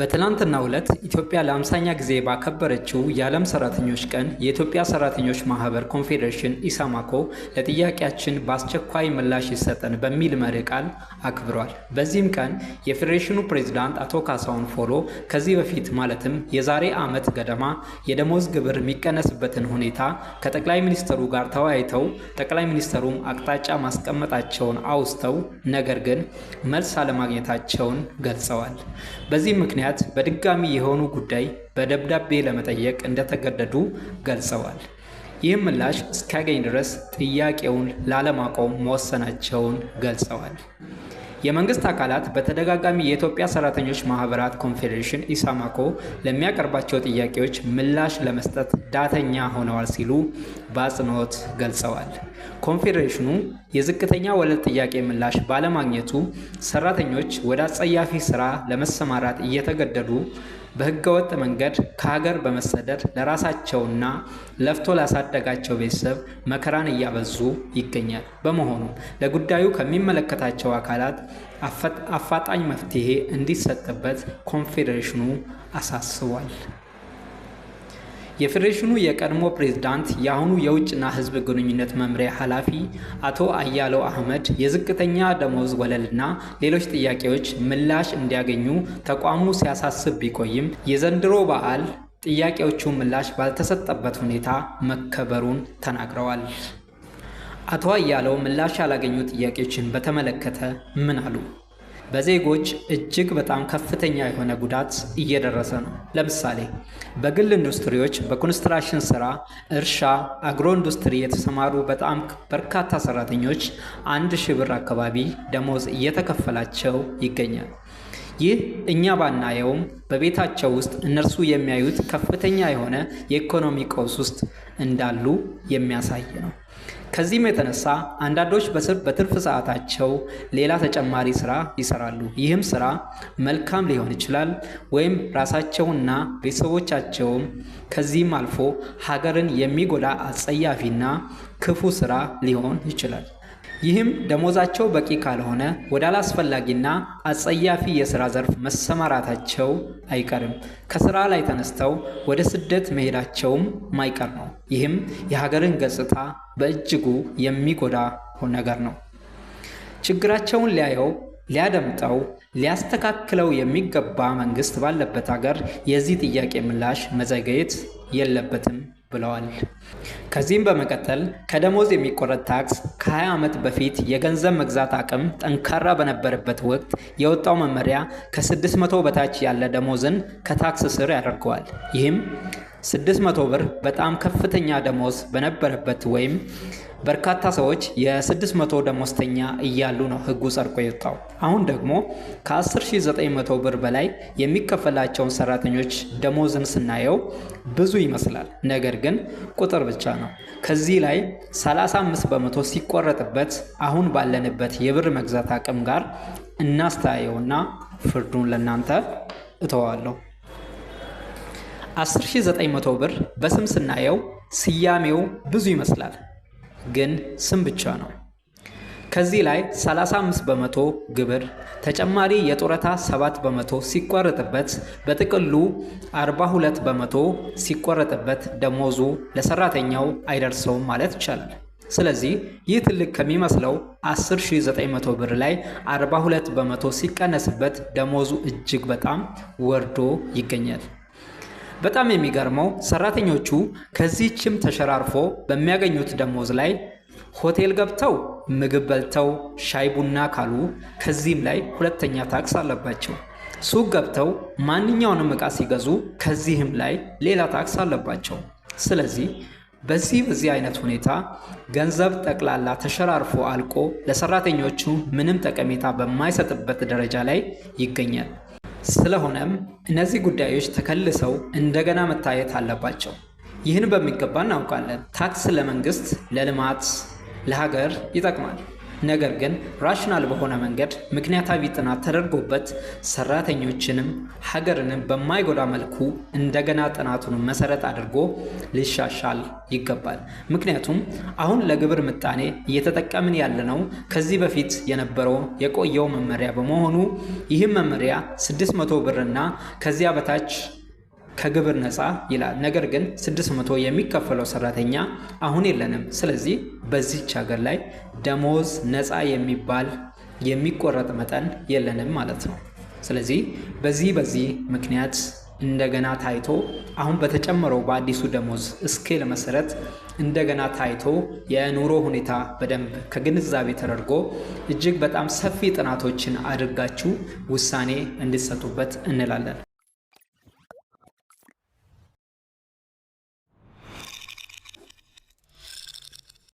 በትላንትናው ዕለት ኢትዮጵያ ለአምሳኛ ጊዜ ባከበረችው የዓለም ሰራተኞች ቀን የኢትዮጵያ ሰራተኞች ማህበር ኮንፌዴሬሽን ኢሳማኮ ለጥያቄያችን በአስቸኳይ ምላሽ ይሰጠን በሚል መሪ ቃል አክብሯል። በዚህም ቀን የፌዴሬሽኑ ፕሬዚዳንት አቶ ካሳሁን ፎሎ ከዚህ በፊት ማለትም የዛሬ ዓመት ገደማ የደሞዝ ግብር የሚቀነስበትን ሁኔታ ከጠቅላይ ሚኒስትሩ ጋር ተወያይተው ጠቅላይ ሚኒስትሩም አቅጣጫ ማስቀመጣቸውን አውስተው ነገር ግን መልስ አለማግኘታቸውን ገልጸዋል። በዚህም ምክንያት ምክንያት በድጋሚ የሆኑ ጉዳይ በደብዳቤ ለመጠየቅ እንደተገደዱ ገልጸዋል። ይህም ምላሽ እስካገኝ ድረስ ጥያቄውን ላለማቆም መወሰናቸውን ገልጸዋል። የመንግስት አካላት በተደጋጋሚ የኢትዮጵያ ሰራተኞች ማህበራት ኮንፌዴሬሽን ኢሳማኮ ለሚያቀርባቸው ጥያቄዎች ምላሽ ለመስጠት ዳተኛ ሆነዋል ሲሉ በአጽንኦት ገልጸዋል። ኮንፌዴሬሽኑ የዝቅተኛ ወለል ጥያቄ ምላሽ ባለማግኘቱ ሰራተኞች ወደ አጸያፊ ስራ ለመሰማራት እየተገደዱ በህገወጥ መንገድ ከሀገር በመሰደድ ለራሳቸውና ለፍቶ ላሳደጋቸው ቤተሰብ መከራን እያበዙ ይገኛል። በመሆኑ ለጉዳዩ ከሚመለከታቸው አካላት አፋጣኝ መፍትሄ እንዲሰጥበት ኮንፌዴሬሽኑ አሳስቧል። የፌዴሬሽኑ የቀድሞ ፕሬዝዳንት የአሁኑ የውጭና ህዝብ ግንኙነት መምሪያ ኃላፊ አቶ አያለው አህመድ የዝቅተኛ ደሞዝ ወለልና ሌሎች ጥያቄዎች ምላሽ እንዲያገኙ ተቋሙ ሲያሳስብ ቢቆይም የዘንድሮ በዓል ጥያቄዎቹ ምላሽ ባልተሰጠበት ሁኔታ መከበሩን ተናግረዋል። አቶ አያለው ምላሽ ያላገኙ ጥያቄዎችን በተመለከተ ምን አሉ? በዜጎች እጅግ በጣም ከፍተኛ የሆነ ጉዳት እየደረሰ ነው። ለምሳሌ በግል ኢንዱስትሪዎች በኮንስትራክሽን ስራ፣ እርሻ፣ አግሮ ኢንዱስትሪ የተሰማሩ በጣም በርካታ ሰራተኞች አንድ ሺህ ብር አካባቢ ደሞዝ እየተከፈላቸው ይገኛል። ይህ እኛ ባናየውም በቤታቸው ውስጥ እነርሱ የሚያዩት ከፍተኛ የሆነ የኢኮኖሚ ቀውስ ውስጥ እንዳሉ የሚያሳይ ነው። ከዚህም የተነሳ አንዳንዶች በትርፍ ሰዓታቸው ሌላ ተጨማሪ ስራ ይሰራሉ። ይህም ስራ መልካም ሊሆን ይችላል ወይም ራሳቸውና ቤተሰቦቻቸውም ከዚህም አልፎ ሀገርን የሚጎዳ አጸያፊና ክፉ ስራ ሊሆን ይችላል። ይህም ደሞዛቸው በቂ ካልሆነ ወደ አላስፈላጊና አጸያፊ የሥራ ዘርፍ መሰማራታቸው አይቀርም። ከሥራ ላይ ተነስተው ወደ ስደት መሄዳቸውም ማይቀር ነው። ይህም የሀገርን ገጽታ በእጅጉ የሚጎዳ ነገር ነው። ችግራቸውን ሊያየው፣ ሊያደምጠው፣ ሊያስተካክለው የሚገባ መንግሥት ባለበት አገር የዚህ ጥያቄ ምላሽ መዘገየት የለበትም ብለዋል። ከዚህም በመቀጠል ከደሞዝ የሚቆረጥ ታክስ ከ20 ዓመት በፊት የገንዘብ መግዛት አቅም ጠንካራ በነበረበት ወቅት የወጣው መመሪያ ከ600 በታች ያለ ደሞዝን ከታክስ ስር ያደርገዋል። ይህም 600 ብር በጣም ከፍተኛ ደሞዝ በነበረበት ወይም በርካታ ሰዎች የ600 ደሞዝተኛ እያሉ ነው ህጉ ጸድቆ የወጣው። አሁን ደግሞ ከ10900 ብር በላይ የሚከፈላቸውን ሰራተኞች ደሞዝን ስናየው ብዙ ይመስላል፣ ነገር ግን ቁጥር ብቻ ነው። ከዚህ ላይ 35 በመቶ ሲቆረጥበት አሁን ባለንበት የብር መግዛት አቅም ጋር እናስተያየውና ፍርዱን ለእናንተ እተዋለሁ። 10900 ብር በስም ስናየው ስያሜው ብዙ ይመስላል ግን ስም ብቻ ነው። ከዚህ ላይ 35 በመቶ ግብር ተጨማሪ የጡረታ 7 በመቶ ሲቆረጥበት በጥቅሉ 42 በመቶ ሲቆረጥበት ደሞዙ ለሰራተኛው አይደርሰውም ማለት ይቻላል። ስለዚህ ይህ ትልቅ ከሚመስለው 10900 ብር ላይ 42 በመቶ ሲቀነስበት ደሞዙ እጅግ በጣም ወርዶ ይገኛል። በጣም የሚገርመው ሰራተኞቹ ከዚህችም ተሸራርፎ በሚያገኙት ደሞዝ ላይ ሆቴል ገብተው ምግብ በልተው ሻይ ቡና ካሉ ከዚህም ላይ ሁለተኛ ታክስ አለባቸው። ሱቅ ገብተው ማንኛውንም ዕቃ ሲገዙ ከዚህም ላይ ሌላ ታክስ አለባቸው። ስለዚህ በዚህ በዚህ አይነት ሁኔታ ገንዘብ ጠቅላላ ተሸራርፎ አልቆ ለሰራተኞቹ ምንም ጠቀሜታ በማይሰጥበት ደረጃ ላይ ይገኛል። ስለሆነም እነዚህ ጉዳዮች ተከልሰው እንደገና መታየት አለባቸው። ይህን በሚገባ እናውቃለን። ታክስ ለመንግስት፣ ለልማት፣ ለሀገር ይጠቅማል። ነገር ግን ራሽናል በሆነ መንገድ ምክንያታዊ ጥናት ተደርጎበት ሰራተኞችንም ሀገርንም በማይጎዳ መልኩ እንደገና ጥናቱን መሰረት አድርጎ ሊሻሻል ይገባል። ምክንያቱም አሁን ለግብር ምጣኔ እየተጠቀምን ያለነው ከዚህ በፊት የነበረው የቆየው መመሪያ በመሆኑ ይህም መመሪያ 600 ብርና ከዚያ በታች ከግብር ነፃ ይላል። ነገር ግን 600 የሚከፈለው ሰራተኛ አሁን የለንም። ስለዚህ በዚች ሀገር ላይ ደሞዝ ነፃ የሚባል የሚቆረጥ መጠን የለንም ማለት ነው። ስለዚህ በዚህ በዚህ ምክንያት እንደገና ታይቶ አሁን በተጨመረው በአዲሱ ደሞዝ ስኬል መሰረት እንደገና ታይቶ የኑሮ ሁኔታ በደንብ ከግንዛቤ ተደርጎ እጅግ በጣም ሰፊ ጥናቶችን አድርጋችሁ ውሳኔ እንድትሰጡበት እንላለን።